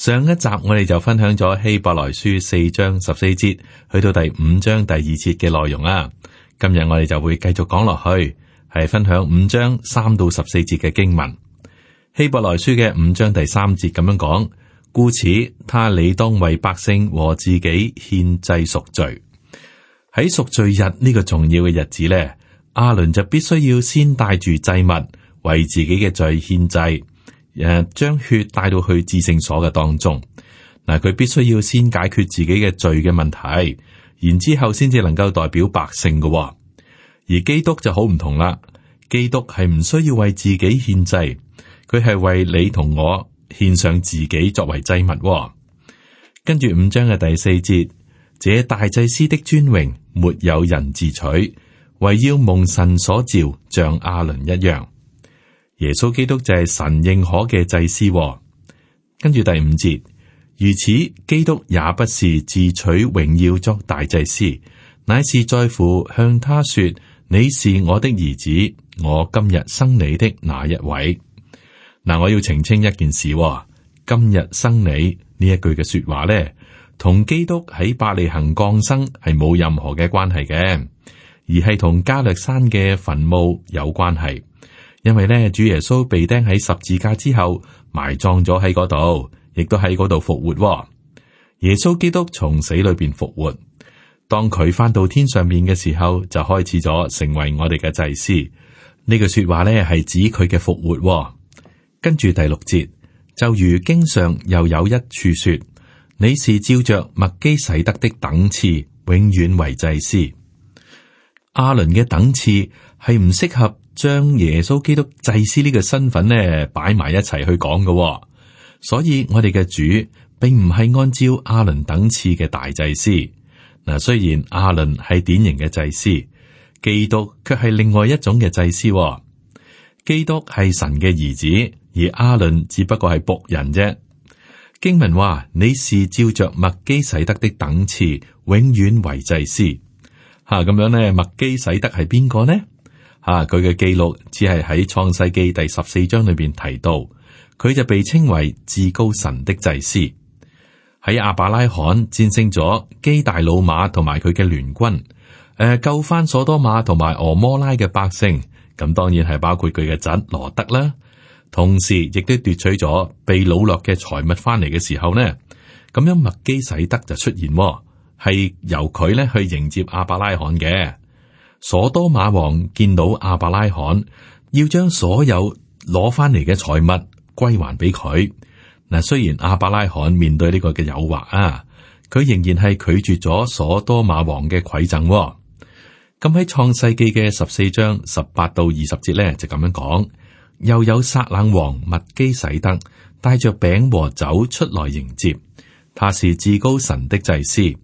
上一集我哋就分享咗希伯來書四章十四節去到第五章第二節嘅內容啊，今日我哋就會繼續講落去，係分享五章三到十四節嘅經文。希伯來書嘅五章第三節咁樣講，故此他理當為百姓和自己獻祭贖罪。喺贖罪日呢個重要嘅日子呢，阿倫就必須要先帶住祭物為自己嘅罪獻祭。將血帶到去至聖所嘅當中，嗱，佢必須要先解決自己嘅罪嘅問題，然之後先至能夠代表百姓嘅。而基督就好唔同啦，基督係唔需要為自己獻祭，佢係為你同我獻上自己作為祭物，哦。跟住五章嘅第四節，這大祭司的尊榮沒有人自取，為要蒙神所召，像亞倫一樣。耶穌基督就係神認可嘅祭司、哦，跟住第五節，如此基督也不是自取榮耀作大祭司，乃是在乎向他說：你是我的兒子，我今日生你的那一位。嗱，我要澄清一件事、哦：今日生你呢一句嘅說話呢，同基督喺伯利恒降生係冇任何嘅關係嘅，而係同加略山嘅墳墓有關係。因為咧，主耶穌被釘喺十字架之後埋葬咗喺嗰度，亦都喺嗰度復活、哦。耶穌基督從死裏邊復活，當佢翻到天上面嘅時候，就開始咗成為我哋嘅祭司。呢句說話咧係指佢嘅復活、哦。跟住第六節，就如經上又有一處說：你是照着麥基洗德的等次，永遠為祭司。亞倫嘅等次係唔適合。將耶穌基督祭司呢個身份呢擺埋一齊去講嘅、哦，所以我哋嘅主並唔係按照阿倫等次嘅大祭司。嗱，雖然阿倫係典型嘅祭司，基督卻係另外一種嘅祭司、哦。基督係神嘅兒子，而阿倫只不過係僕人啫。經文話：你是照着麥基洗德的等次，永遠為祭司。吓、啊、咁樣呢？麥基洗德係邊個呢？啊！佢嘅記錄只係喺創世記第十四章裏邊提到，佢就被稱為至高神的祭司。喺亞伯拉罕戰勝咗基大老馬同埋佢嘅聯軍，誒、呃、救翻所多瑪同埋俄摩拉嘅百姓，咁當然係包括佢嘅侄羅德啦。同時亦都奪取咗被擄掠嘅財物翻嚟嘅時候呢，咁樣麥基洗德就出現，係由佢咧去迎接亞伯拉罕嘅。所多瑪王見到阿伯拉罕，要將所有攞翻嚟嘅財物歸還俾佢嗱。雖然阿伯拉罕面對呢個嘅誘惑啊，佢仍然係拒絕咗所多瑪王嘅饋贈。咁喺創世紀嘅十四章十八到二十節咧，就咁樣講，又有撒冷王麥基洗德帶着餅和酒出來迎接，他是至高神的祭司，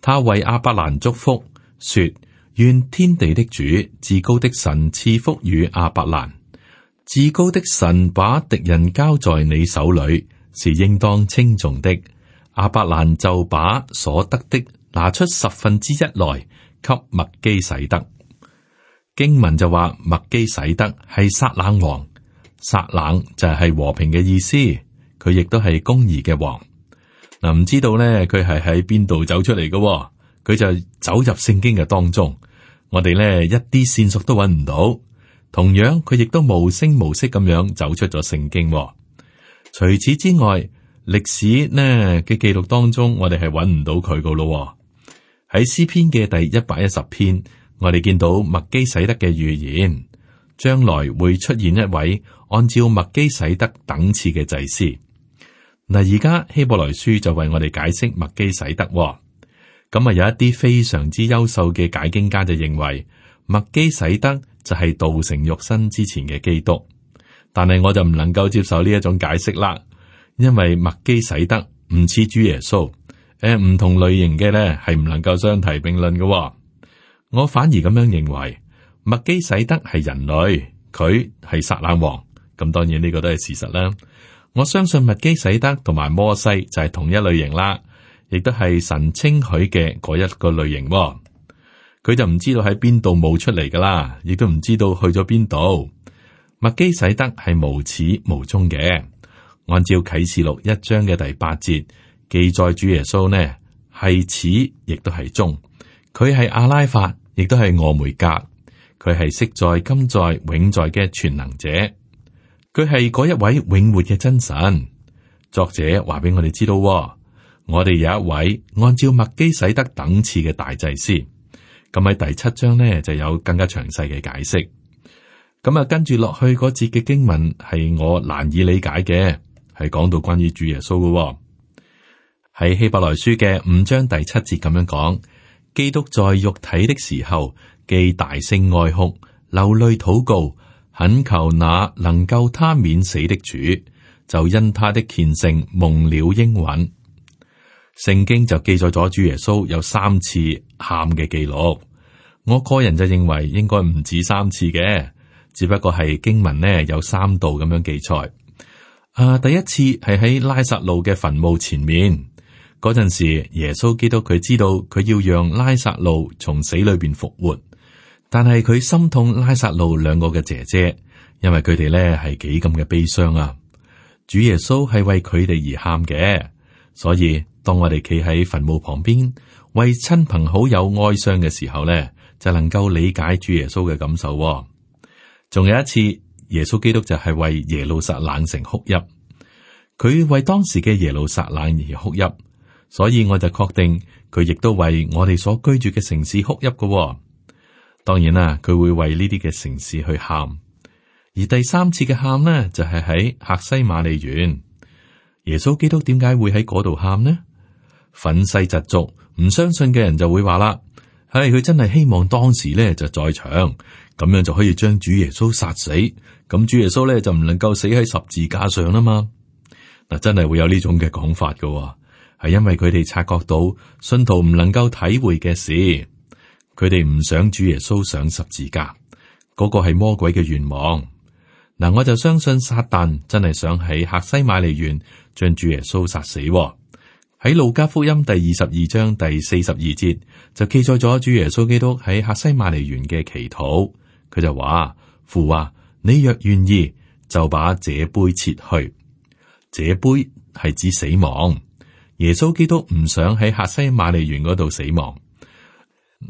他為阿伯蘭祝福，說。願天地的主、至高的神賜福與阿伯蘭。至高的神把敵人交在你手裏，是應當稱頌的。阿伯蘭就把所得的拿出十分之一來給麥基洗德。經文就話麥基洗德係撒冷王，撒冷就係和平嘅意思，佢亦都係公義嘅王。嗱，唔知道呢，佢係喺邊度走出嚟嘅？佢就走入聖經嘅當中。我哋呢一啲線索都揾唔到，同樣佢亦都無聲無息咁樣走出咗聖經喎。除此之外，歷史呢嘅記錄當中，我哋係揾唔到佢噶咯。喺詩篇嘅第一百一十篇，我哋見到麥基洗德嘅預言，將來會出現一位按照麥基洗德等次嘅祭司。嗱，而家希伯來書就為我哋解釋麥基洗德喎。咁啊，有一啲非常之優秀嘅解經家就認為，麥基洗德就係道成肉身之前嘅基督，但係我就唔能夠接受呢一種解釋啦，因為麥基洗德唔似主耶穌，誒、呃，唔同類型嘅咧係唔能夠相提並論嘅、哦。我反而咁樣認為，麥基洗德係人類，佢係撒冷王，咁當然呢個都係事實啦。我相信麥基洗德同埋摩西就係同一類型啦。亦都係神稱許嘅嗰一個類型、哦，佢就唔知道喺邊度冒出嚟噶啦，亦都唔知道去咗邊度。麥基洗德係無始無終嘅。按照啟示錄一章嘅第八節記載，主耶穌呢係始亦都係終，佢係阿拉法，亦都係俄梅格，佢係昔在今在永在嘅全能者，佢係嗰一位永活嘅真神。作者話俾我哋知道。我哋有一位按照麥基洗德等次嘅大祭司，咁喺第七章呢就有更加詳細嘅解釋。咁啊，跟住落去嗰節嘅經文係我難以理解嘅，係講到關於主耶穌嘅、哦，喺希伯來書嘅五章第七節咁樣講，基督在肉體的時候，既大聲哀哭，流淚禱告，懇求那能夠他免死的主，就因他的虔誠蒙了應允。聖經就記載咗主耶穌有三次喊嘅記錄。我個人就認為應該唔止三次嘅，只不過係經文呢有三度咁樣記載。啊，第一次係喺拉撒路嘅墳墓前面嗰陣時，耶穌基督佢知道佢要讓拉撒路從死裏邊復活，但係佢心痛拉撒路兩個嘅姐姐，因為佢哋呢係幾咁嘅悲傷啊。主耶穌係為佢哋而喊嘅，所以。當我哋企喺墳墓旁邊為親朋好友哀傷嘅時候呢，就能夠理解主耶穌嘅感受。仲有一次，耶穌基督就係為耶路撒冷城哭泣，佢為當時嘅耶路撒冷而哭泣，所以我就確定佢亦都為我哋所居住嘅城市哭泣嘅。當然啦，佢會為呢啲嘅城市去喊。而第三次嘅喊呢，就係、是、喺客西馬尼園，耶穌基督點解會喺嗰度喊呢？憤世嫉俗唔相信嘅人就會話啦，係、哎、佢真係希望當時咧就在場，咁樣就可以將主耶穌殺死，咁主耶穌咧就唔能夠死喺十字架上啦嘛。嗱，真係會有呢種嘅講法嘅，係因為佢哋察覺到信徒唔能夠體會嘅事，佢哋唔想主耶穌上十字架，嗰、那個係魔鬼嘅願望。嗱，我就相信撒旦真係想喺客西馬尼園將主耶穌殺死。喺路加福音第二十二章第四十二節就記載咗主耶穌基督喺客西馬尼園嘅祈禱，佢就話：父啊，你若願意，就把這杯切去。這杯係指死亡。耶穌基督唔想喺客西馬尼園嗰度死亡。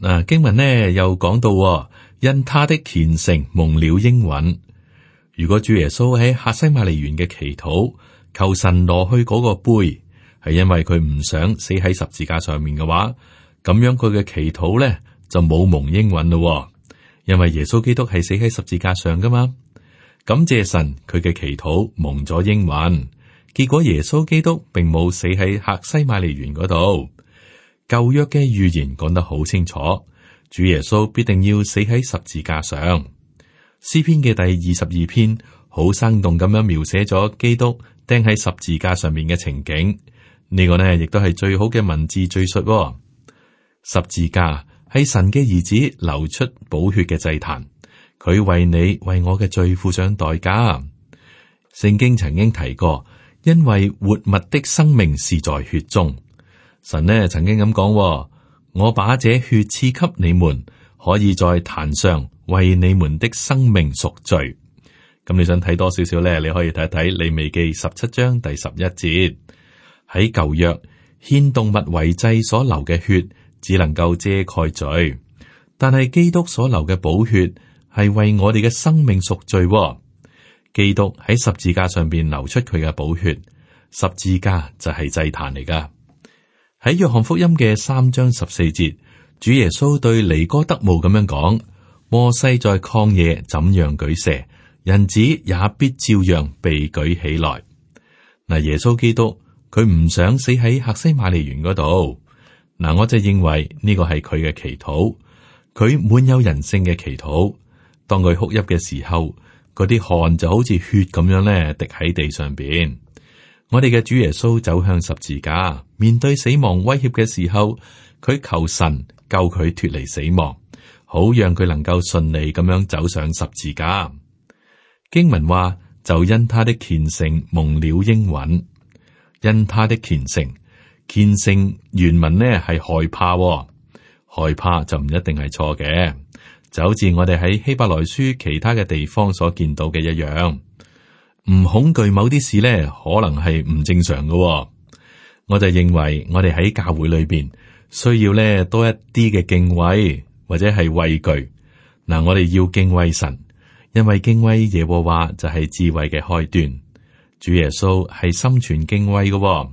嗱，經文呢又講到，因他的虔誠蒙了應允。如果主耶穌喺客西馬尼園嘅祈禱，求神挪去嗰個杯，係因為佢唔想死喺十字架上面嘅話，咁樣佢嘅祈禱咧就冇蒙應允咯。因為耶穌基督係死喺十字架上噶嘛，感謝神佢嘅祈禱蒙咗應允。結果耶穌基督並冇死喺客西馬尼園嗰度。舊約嘅預言講得好清楚，主耶穌必定要死喺十字架上。詩篇嘅第二十二篇好生動咁樣描寫咗基督釘喺十字架上面嘅情景。呢個呢，亦都係最好嘅文字敘述，哦。十字架係神嘅兒子流出寶血嘅祭壇，佢為你為我嘅罪付上代價。聖經曾經提過，因為活物的生命是在血中，神呢曾經咁講，哦：，我把這血賜給你們，可以在壇上為你們的生命贖罪。咁你想睇多少少呢？你可以睇睇利未記十七章第十一節。喺舊約獻動物為祭所流嘅血，只能夠遮蓋罪。但係基督所流嘅寶血，係為我哋嘅生命贖罪、哦。基督喺十字架上邊流出佢嘅寶血，十字架就係祭壇嚟噶。喺約翰福音嘅三章十四節，主耶穌對尼哥德慕咁樣講：，摩西在曠野怎樣舉蛇，人子也必照樣被舉起來。嗱，耶穌基督。佢唔想死喺客西馬尼園嗰度。嗱，我就認為呢個係佢嘅祈禱，佢滿有人性嘅祈禱。當佢哭泣嘅時候，嗰啲汗就好似血咁樣咧，滴喺地上邊。我哋嘅主耶穌走向十字架，面對死亡威脅嘅時候，佢求神救佢脱離死亡，好讓佢能夠順利咁樣走上十字架。經文話，就因他的虔誠蒙了應允。因他的虔誠，虔誠原文呢係害怕、哦，害怕就唔一定係錯嘅，就好似我哋喺希伯來書其他嘅地方所見到嘅一樣，唔恐懼某啲事呢，可能係唔正常嘅、哦。我就認為我哋喺教會裏邊需要呢多一啲嘅敬畏或者係畏懼。嗱，我哋要敬畏神，因為敬畏耶和華就係智慧嘅開端。主耶穌係心存敬畏嘅、哦。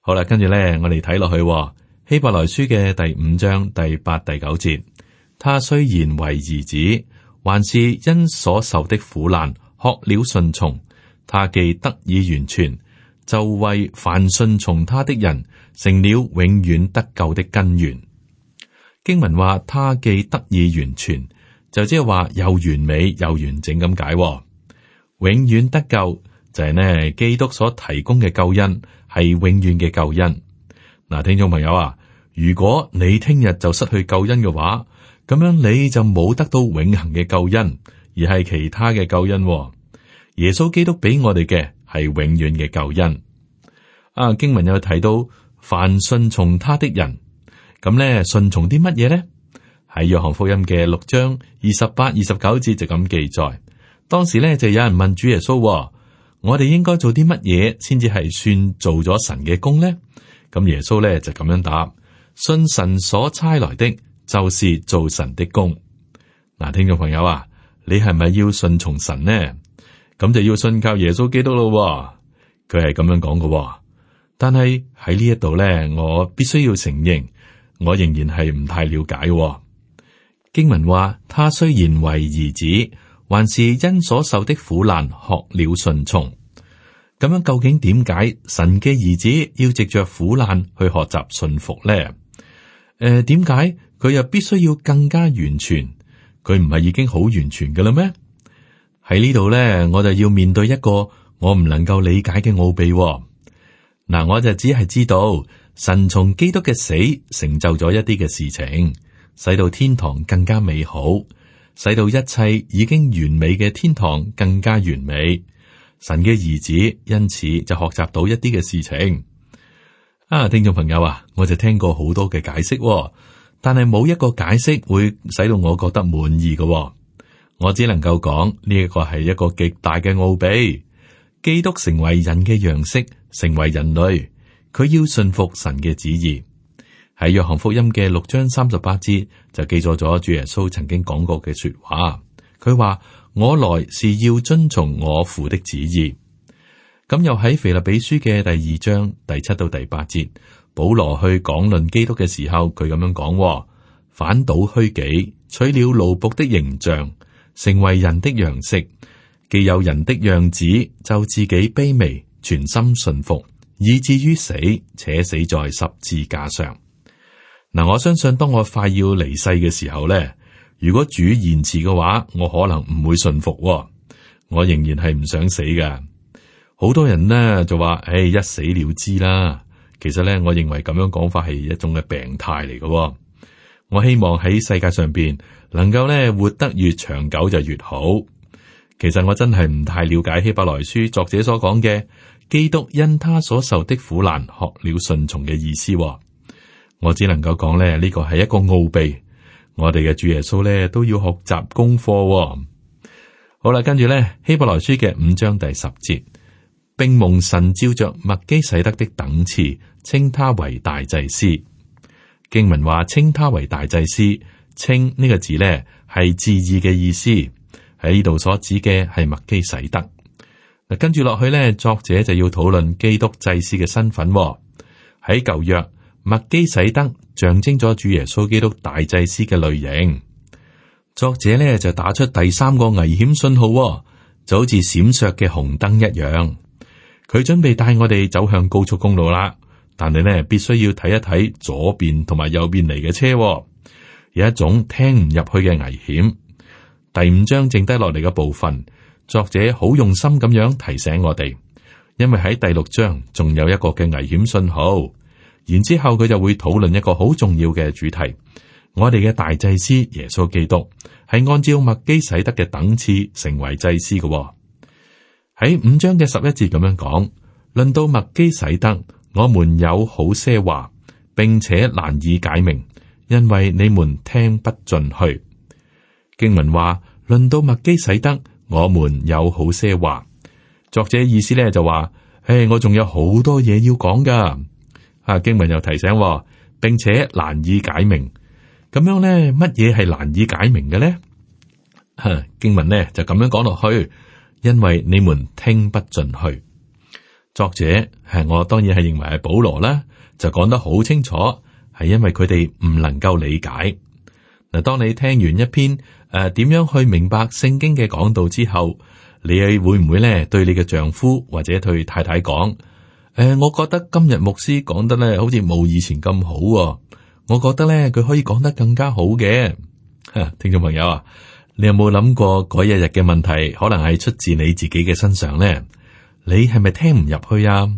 好啦，跟住咧，我哋睇落去、哦、希伯來書嘅第五章第八、第九節。他雖然為兒子，還是因所受的苦難學了順從。他既得以完全，就為凡順從他的人成了永遠得救的根源。經文話，他既得以完全，就即係話又完美又完整咁解、哦，永遠得救。就係呢，基督所提供嘅救恩係永遠嘅救恩。嗱，聽眾朋友啊，如果你聽日就失去救恩嘅話，咁樣你就冇得到永恆嘅救恩，而係其他嘅救恩。耶穌基督俾我哋嘅係永遠嘅救恩。啊，經文有提到，凡信從他的人，咁呢，信從啲乜嘢呢？喺約翰福音嘅六章二十八、二十九節就咁記載。當時呢，就有人問主耶穌。我哋應該做啲乜嘢，先至係算做咗神嘅工呢？咁耶穌咧就咁樣答：「信神所差來的，就是做神的工。」嗱，聽眾朋友啊，你係咪要信從神呢？咁就要信靠耶穌基督咯。佢係咁樣講嘅。但係喺呢一度咧，我必須要承認，我仍然係唔太了解。經文話，他雖然為兒子。還是因所受的苦難學了順從，咁樣究竟點解神嘅兒子要藉着苦難去學習順服呢？誒、呃，點解佢又必須要更加完全？佢唔係已經好完全嘅啦咩？喺呢度呢，我就要面對一個我唔能夠理解嘅奧秘、哦。嗱、呃，我就只係知道神從基督嘅死成就咗一啲嘅事情，使到天堂更加美好。使到一切已經完美嘅天堂更加完美，神嘅兒子因此就學習到一啲嘅事情。啊，聽眾朋友啊，我就聽過好多嘅解釋、哦，但係冇一個解釋會使到我覺得滿意嘅、哦。我只能夠講呢一個係一個極大嘅奧秘。基督成為人嘅樣式，成為人類，佢要信服神嘅旨意。喺約翰福音嘅六章三十八節就記載咗主耶穌曾經講過嘅說話。佢話：我來是要遵從我父的旨意。咁又喺腓立比書嘅第二章第七到第八節，保羅去講論基督嘅時候，佢咁樣講：反倒虛己，取了奴僕的形象，成為人的樣式，既有人的樣子，就自己卑微，全心信服，以至於死，且死在十字架上。嗱，我相信當我快要離世嘅時候咧，如果主延遲嘅話，我可能唔會順服，我仍然係唔想死嘅。好多人呢就話，唉、hey，一死了之啦。其實咧，我認為咁樣講法係一種嘅病態嚟嘅。我希望喺世界上邊能夠咧活得越長久就越好。其實我真係唔太了解希伯來書作者所講嘅基督因他所受的苦難學了順從嘅意思。我只能夠講咧，呢個係一個奧秘。我哋嘅主耶穌咧都要學習功課、哦。好啦，跟住呢，希伯來書嘅五章第十節，並蒙神照著麥基洗德的等次，稱他為大祭司。經文話稱他為大祭司，稱呢個字呢係字義嘅意思，喺呢度所指嘅係麥基洗德。跟住落去呢，作者就要討論基督祭司嘅身份喎，喺舊約。麥基洗德象徵咗主耶穌基督大祭司嘅類型，作者呢就打出第三個危險信號、哦，就好似閃爍嘅紅燈一樣。佢準備帶我哋走向高速公路啦，但係呢必須要睇一睇左邊同埋右邊嚟嘅車、哦，有一種聽唔入去嘅危險。第五章剩低落嚟嘅部分，作者好用心咁樣提醒我哋，因為喺第六章仲有一個嘅危險信號。然之後佢就會討論一個好重要嘅主題，我哋嘅大祭司耶穌基督係按照麥基洗德嘅等次成為祭司嘅、哦。喺五章嘅十一節咁樣講，論到麥基洗德，我們有好些話，並且難以解明，因為你們聽不進去。經文話，論到麥基洗德，我們有好些話。作者意思咧就話，唉，我仲有好多嘢要講噶。啊經文又提醒，並且難以解明，咁樣呢，乜嘢係難以解明嘅呢？吓 經文呢，就咁樣講落去，因為你們聽不進去。作者係我當然係認為係保羅啦，就講得好清楚，係因為佢哋唔能夠理解。嗱，當你聽完一篇誒啊點樣去明白聖經嘅講道之後，你會唔會呢？對你嘅丈夫或者對太太講？誒、呃，我覺得今日牧師講得咧，好似冇以前咁好喎。我覺得咧，佢可以講得更加好嘅。聽眾朋友啊，你有冇諗過嗰一日嘅問題，可能係出自你自己嘅身上咧？你係咪聽唔入去啊？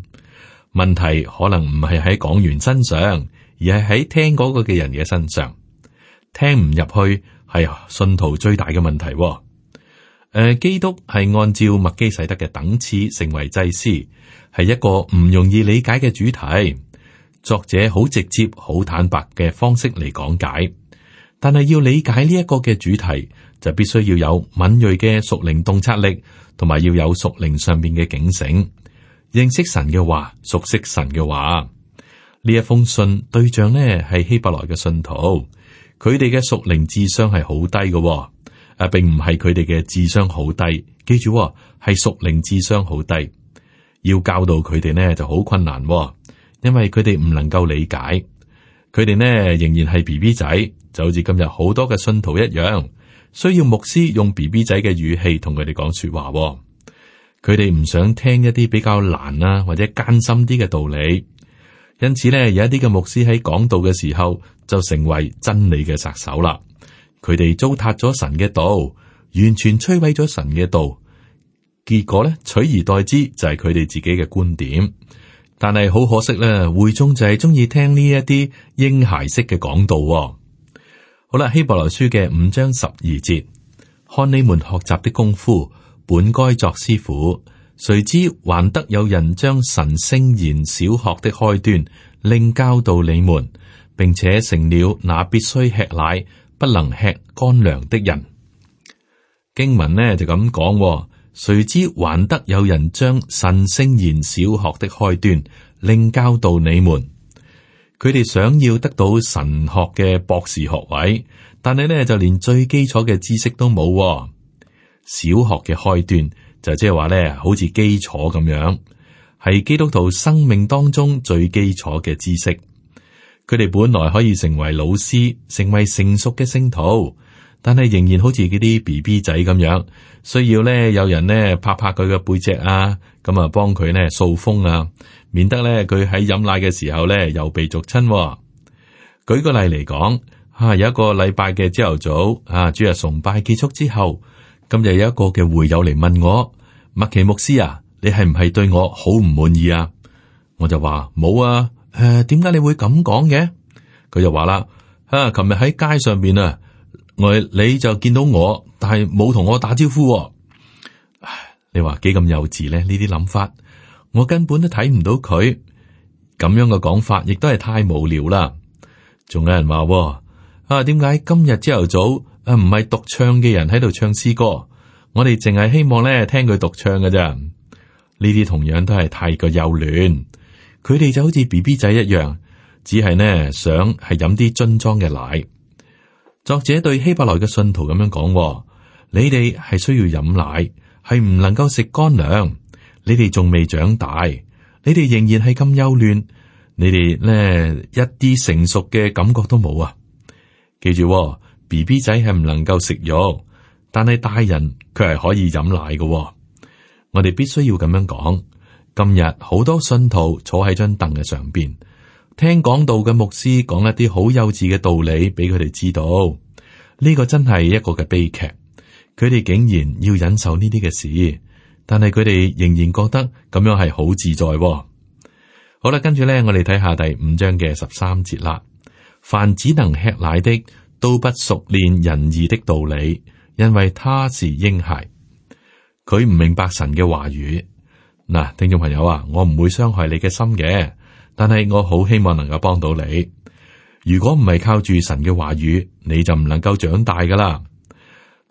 問題可能唔係喺講員身上，而係喺聽嗰個嘅人嘅身上。聽唔入去係信徒最大嘅問題。誒，基督係按照麥基洗德嘅等次成為祭司，係一個唔容易理解嘅主題。作者好直接、好坦白嘅方式嚟講解，但係要理解呢一個嘅主題，就必須要有敏銳嘅屬靈洞察力，同埋要有屬靈上面嘅警醒，認識神嘅話，熟悉神嘅話。呢一封信對象呢係希伯來嘅信徒，佢哋嘅屬靈智商係好低嘅哦。誒，並唔係佢哋嘅智商好低，記住係、哦、屬靈智商好低，要教導佢哋呢就好困難、哦，因為佢哋唔能夠理解，佢哋呢仍然係 B B 仔，就好似今日好多嘅信徒一樣,需要牧師用 B B 仔嘅語氣同佢哋講說話、哦，佢哋唔想聽一啲比較難啦或者艱辛艱深啲嘅道理，因此呢，有一啲嘅牧師喺講道嘅時候就成為真理嘅殺手啦。佢哋糟蹋咗神嘅道，完全摧毀咗神嘅道。結果咧，取而代之就係佢哋自己嘅觀點。但係好可惜咧，會眾就係中意聽呢一啲嬰孩式嘅講道。好啦，《希伯來書》嘅五章十二節，看你們學習的功夫，本該作師傅，誰知還得有人將神聖言小學的開端另教導你們，並且成了那必須吃奶，不能吃乾糧的人，經文呢就咁講，誰知還得有人將神聖言小學的開端，另教導你們。佢哋想要得到神學嘅博士學位，但係呢就連最基礎嘅知識都冇。小學嘅開端就即係話呢，好似基礎咁樣，係基督徒生命當中最基礎嘅知識。佢哋本來可以成為老師，成為成熟嘅聖徒，但係仍然好似嗰啲 BB 仔咁樣，需要咧有人咧拍拍佢嘅背脊啊，咁啊幫佢咧掃風啊，免得咧佢喺飲奶嘅時候咧又被逐親。舉個例嚟講，啊有一個禮拜嘅朝頭早啊，主日崇拜結束之後，咁就有一個嘅會友嚟問我：，麥奇牧師啊，你係唔係對我好唔滿意啊？我就話冇啊。誒，點解、啊、你會咁講嘅？佢就話啦：，啊，琴日喺街上邊啊，我你就見到我，但係冇同我打招呼。啊、你話幾咁幼稚咧？呢啲諗法，我根本都睇唔到佢咁樣嘅講法，亦都係太無聊啦。仲有人話：，啊，點解今日朝頭早啊，唔係獨唱嘅人喺度唱詩歌，我哋淨係希望咧聽佢獨唱嘅啫。呢啲同樣都係太過幼嫩。佢哋就好似 B B 仔一樣，只係呢想係飲啲樽裝嘅奶。作者對希伯來嘅信徒咁樣講、哦：，你哋係需要飲奶，係唔能夠食乾糧。你哋仲未長大，你哋仍然係咁幼嫩，你哋呢一啲成熟嘅感覺都冇啊！記住、哦，B B 仔係唔能夠食肉，但係大人佢係可以飲奶嘅、哦。我哋必須要咁樣講。今日好多信徒坐喺張凳嘅上邊，聽講道嘅牧師講一啲好幼稚嘅道理俾佢哋知道。呢個真係一個嘅悲劇，佢哋竟然要忍受呢啲嘅事，但係佢哋仍然覺得咁樣係好自在，哦。好啦，跟住咧，我哋睇下第五章嘅十三節啦。凡只能吃奶的，都不熟練仁義的道理，因為他是嬰孩，佢唔明白神嘅話語。嗱，聽眾朋友啊，我唔會傷害你嘅心嘅，但係我好希望能夠幫到你。如果唔係靠住神嘅話語，你就唔能夠長大噶啦。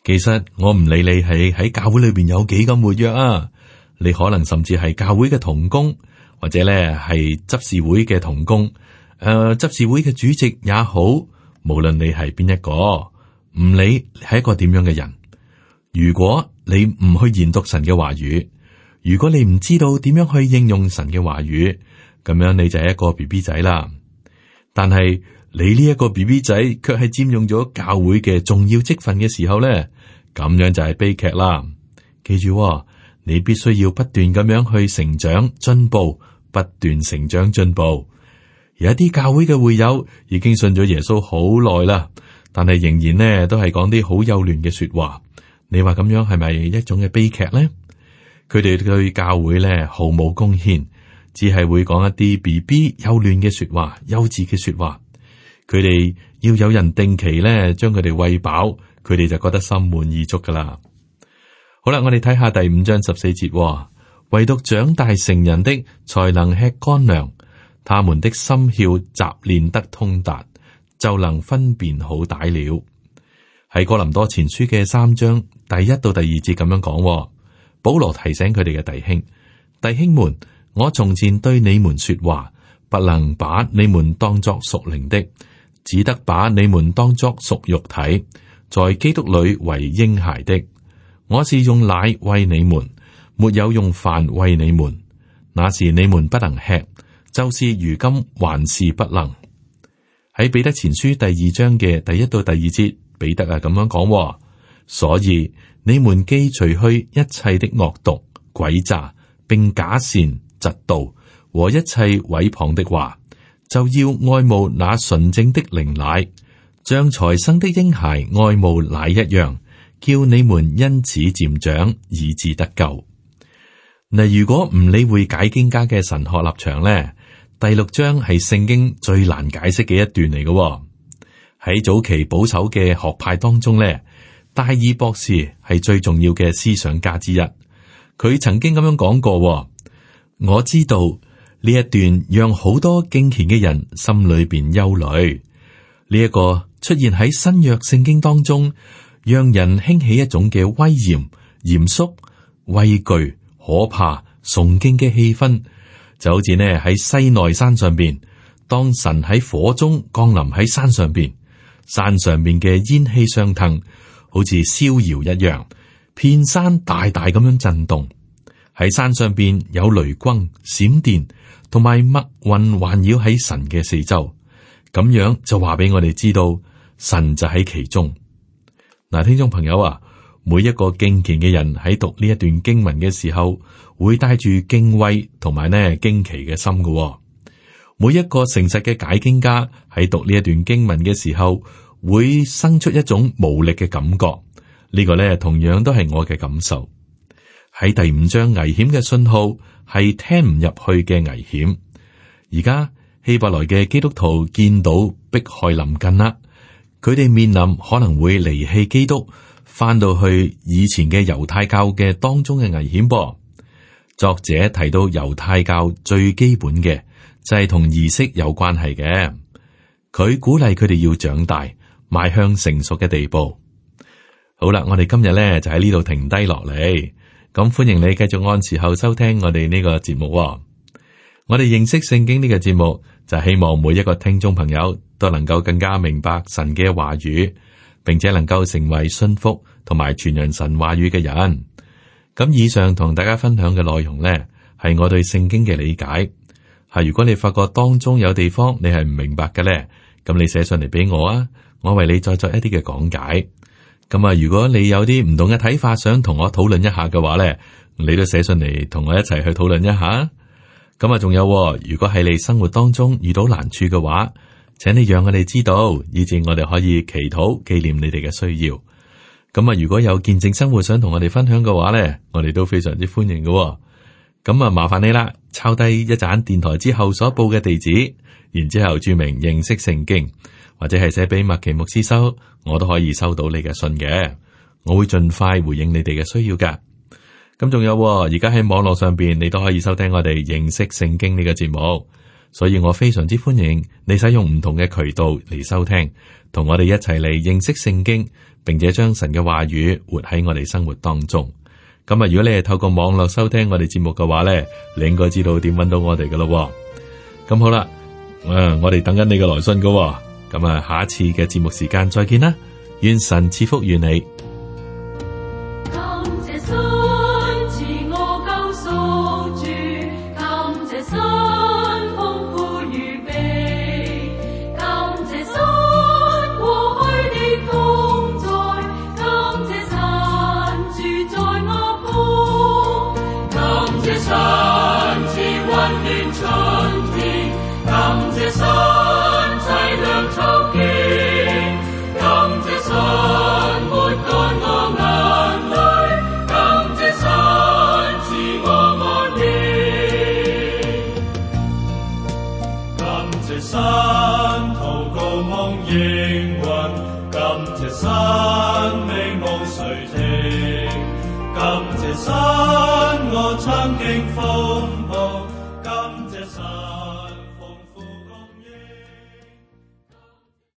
其實我唔理你係喺教會裏邊有幾咁活躍啊，你可能甚至係教會嘅同工，或者咧係執事會嘅同工，誒、呃，執事會嘅主席也好，無論你係邊一個，唔理係一個點樣嘅人，如果你唔去研讀神嘅話語。如果你唔知道點樣去應用神嘅話語，咁樣你就係一個 B B 仔啦。但係你呢一個 B B 仔卻係佔用咗教會嘅重要職份嘅時候咧，咁樣就係悲劇啦。記住哦，你必須要不斷咁樣去成長進步，不斷成長進步。有一啲教會嘅會友已經信咗耶穌好耐啦，但係仍然咧都係講啲好幼嫩嘅說話。你話咁樣係咪一種嘅悲劇咧？佢哋對教會咧毫無貢獻，只係會講一啲 B B 幼嫩嘅說話、幼稚嘅說話。佢哋要有人定期咧將佢哋餵飽，佢哋就覺得心滿意足噶啦。好啦，我哋睇下第五章十四節， 唯獨長大成人的才能吃乾糧，他們的心竅習練得通達，就能分辨好歹了。喺哥林多前書嘅三章第一到第二節咁樣講。保羅提醒佢哋嘅弟兄，弟兄們，我從前對你們說話，不能把你們當作屬靈的，只得把你們當作屬肉體，在基督裏為嬰孩的。我是用奶餵你們，沒有用飯餵你們，那時你們不能吃，就是如今還是不能。喺彼得前書第二章嘅第一到第二節，彼得啊咁樣講，所以。你們既除去一切的惡毒、詭詐，並假善、嫉妒和一切毀謗的話，就要愛慕那純正的靈奶，像才生的嬰孩愛慕奶一樣，叫你們因此漸長，以致得救。嗱，如果唔理會解經家嘅神學立場咧，第六章係聖經最難解釋嘅一段嚟嘅，哦，喺早期保守嘅學派當中咧。戴爾博士係最重要嘅思想家之一。佢曾經咁樣講過：我知道呢一段讓好多敬虔嘅人心裏邊憂慮。呢一個出現喺新約聖經當中，讓人興起一種嘅威嚴、嚴肅、畏懼、可怕、崇敬嘅氣氛，就好似呢喺西奈山上邊，當神喺火中降臨喺山上邊，山上面嘅煙氣上騰。好似燒窑一樣，遍山大大咁樣震動，喺山上邊有雷光、閃電同埋墨雲環繞喺神嘅四周，咁樣就話俾我哋知道神就喺其中。嗱，聽眾朋友啊，每一個敬虔嘅人喺讀呢一段經文嘅時候，會帶住敬畏同埋呢驚奇嘅心噶、哦。每一個誠實嘅解經家喺讀呢一段經文嘅時候。會生出一種無力嘅感覺，這個、呢個咧，同樣都係我嘅感受。喺第五章，危險嘅信號係聽唔入去嘅危險。而家希伯來嘅基督徒見到迫害臨近啦，佢哋面臨可能會離棄基督，返到去以前嘅猶太教嘅當中嘅危險噃。作者提到猶太教最基本嘅就係、是、同儀式有關係嘅，佢鼓勵佢哋要長大，邁向成熟嘅地步，好啦，我哋今日咧就喺呢度停低落嚟。咁歡迎你繼續按時候收聽我哋呢個節目喎。我哋認識聖經呢個節目，就希望每一個聽眾朋友都能夠更加明白神嘅話語，並且能夠成為信福同埋傳人神話語嘅人。咁以上同大家分享嘅內容呢，係我對聖經嘅理解。係如果你發覺當中有地方你係唔明白嘅呢，咁你寫上嚟俾我啊。我為你再作一啲嘅講解，咁啊，如果你有啲唔同嘅睇法，想同我討論一下嘅話咧，你都寫信嚟，同我一齊去討論一下。咁啊，仲有，如果係你生活當中遇到難處嘅話，請你讓我哋知道，以致我哋可以祈禱紀念你哋嘅需要。咁啊，如果有見證生活想同我哋分享嘅話咧，我哋都非常之歡迎嘅。咁啊，麻煩你啦，抄低一盞電台之後所報嘅地址，然之後注明認識聖經。或者係寫俾麥奇牧師收，我都可以收到你嘅信嘅，我會盡快回應你哋嘅需要噶。咁仲有、哦，而家喺網絡上邊，你都可以收聽我哋認識聖經呢、這個節目，所以我非常之歡迎你使用唔同嘅渠道嚟收聽，同我哋一齊嚟認識聖經，並且將神嘅話語活喺我哋生活當中。咁啊，如果你係透過網絡收聽我哋節目嘅話呢，你應該知道點揾到我哋噶咯。咁好啦，誒，我哋等緊你嘅來信噶、哦。咁啊，下一次嘅節目時間再見啦，願神賜福與你。